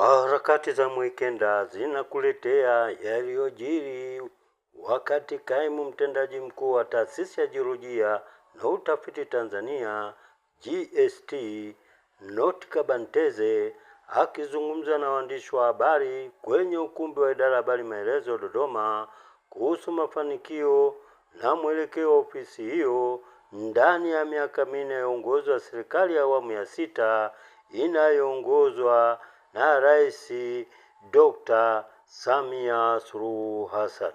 Harakati za mwikenda zinakuletea yaliyojiri wakati kaimu mtendaji mkuu wa taasisi ya jiolojia na utafiti Tanzania GST Notka Banteze akizungumza na waandishi wa habari kwenye ukumbi wa idara habari Maelezo Dodoma kuhusu mafanikio na mwelekeo wa ofisi hiyo ndani ya miaka minne ya uongozi wa serikali ya awamu ya sita inayoongozwa na Rais Dr. Samia Suluhu Hassan.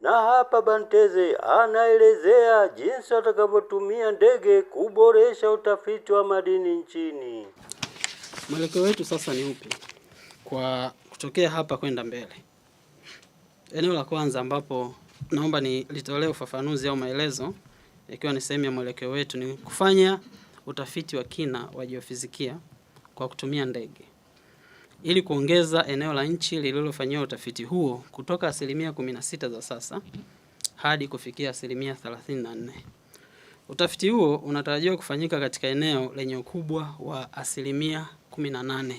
Na hapa Banteze anaelezea jinsi atakavyotumia ndege kuboresha utafiti wa madini nchini. Mwelekeo wetu sasa ni upi kwa kutokea hapa kwenda mbele? Eneo la kwanza ambapo naomba nilitolee ufafanuzi au maelezo, ikiwa ni sehemu ya mwelekeo wetu, ni kufanya utafiti wa kina wa jiofizikia kwa kutumia ndege ili kuongeza eneo la nchi lililofanyiwa utafiti huo kutoka asilimia 16 za sasa hadi kufikia asilimia 34. Utafiti huo unatarajiwa kufanyika katika eneo lenye ukubwa wa asilimia 18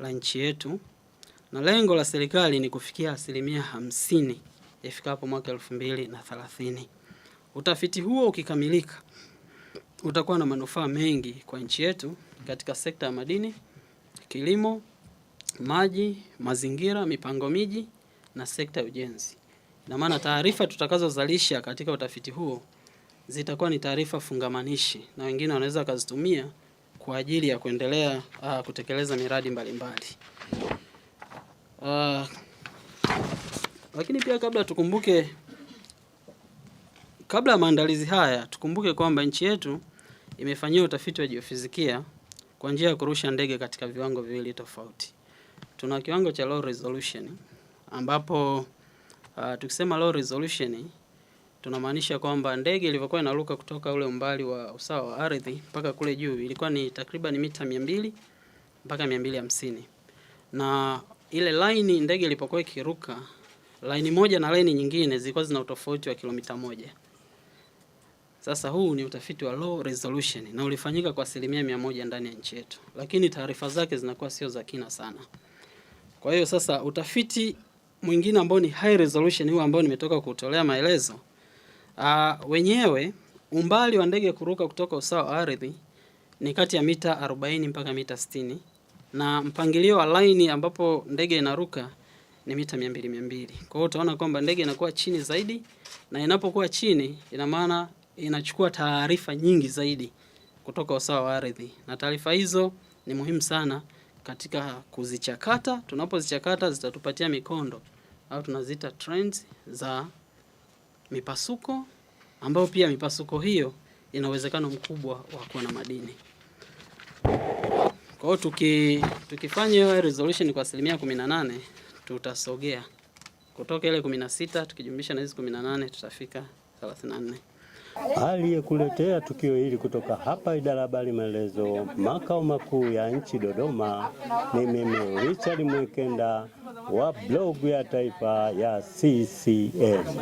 la nchi yetu na lengo la serikali ni kufikia asilimia 50 ifikapo mwaka 2030. Utafiti huo ukikamilika utakuwa na manufaa mengi kwa nchi yetu katika sekta ya madini, kilimo maji, mazingira, mipango miji na sekta ya ujenzi. Ina maana taarifa tutakazozalisha katika utafiti huo zitakuwa ni taarifa fungamanishi na wengine wanaweza wakazitumia kwa ajili ya kuendelea uh, kutekeleza miradi mbalimbali mbali. Uh, lakini pia kabla tukumbuke, kabla ya maandalizi haya tukumbuke kwamba nchi yetu imefanyia utafiti wa jiofizikia kwa njia ya kurusha ndege katika viwango viwili tofauti tuna kiwango cha low resolution ambapo uh, tukisema low resolution tunamaanisha kwamba ndege ilivyokuwa inaruka kutoka ule umbali wa usawa wa ardhi mpaka kule juu ilikuwa ni takriban mita 200 mpaka 250, na ile line ndege ilipokuwa ikiruka, line moja na line nyingine zilikuwa zina utofauti wa kilomita moja. Sasa huu ni utafiti wa low resolution na ulifanyika kwa asilimia mia moja ndani ya nchi yetu, lakini taarifa zake zinakuwa sio za kina sana. Kwa hiyo sasa utafiti mwingine ambao ni high resolution huu ambao nimetoka kutolea maelezo uh, wenyewe umbali wa ndege kuruka kutoka usawa wa ardhi ni kati ya mita 40 mpaka mita 60 na mpangilio wa line ambapo ndege inaruka ni mita 200 200. Kwa hiyo utaona kwamba ndege inakuwa chini zaidi, na inapokuwa chini, ina maana inachukua taarifa nyingi zaidi kutoka usawa wa ardhi, na taarifa hizo ni muhimu sana katika kuzichakata. Tunapozichakata zitatupatia mikondo au tunaziita trends za mipasuko, ambayo pia mipasuko hiyo ina uwezekano mkubwa wa kuwa na madini. Kwa hiyo tuki, tukifanya hiyo resolution kwa asilimia 18 tutasogea kutoka ile 16 tukijumlisha na hizi 18 tutafika 34. Aliyekuletea tukio hili kutoka hapa Idara Habari Maelezo, makao makuu ya nchi Dodoma, ni mimi Richard Mwekenda wa blogu ya taifa ya CCM.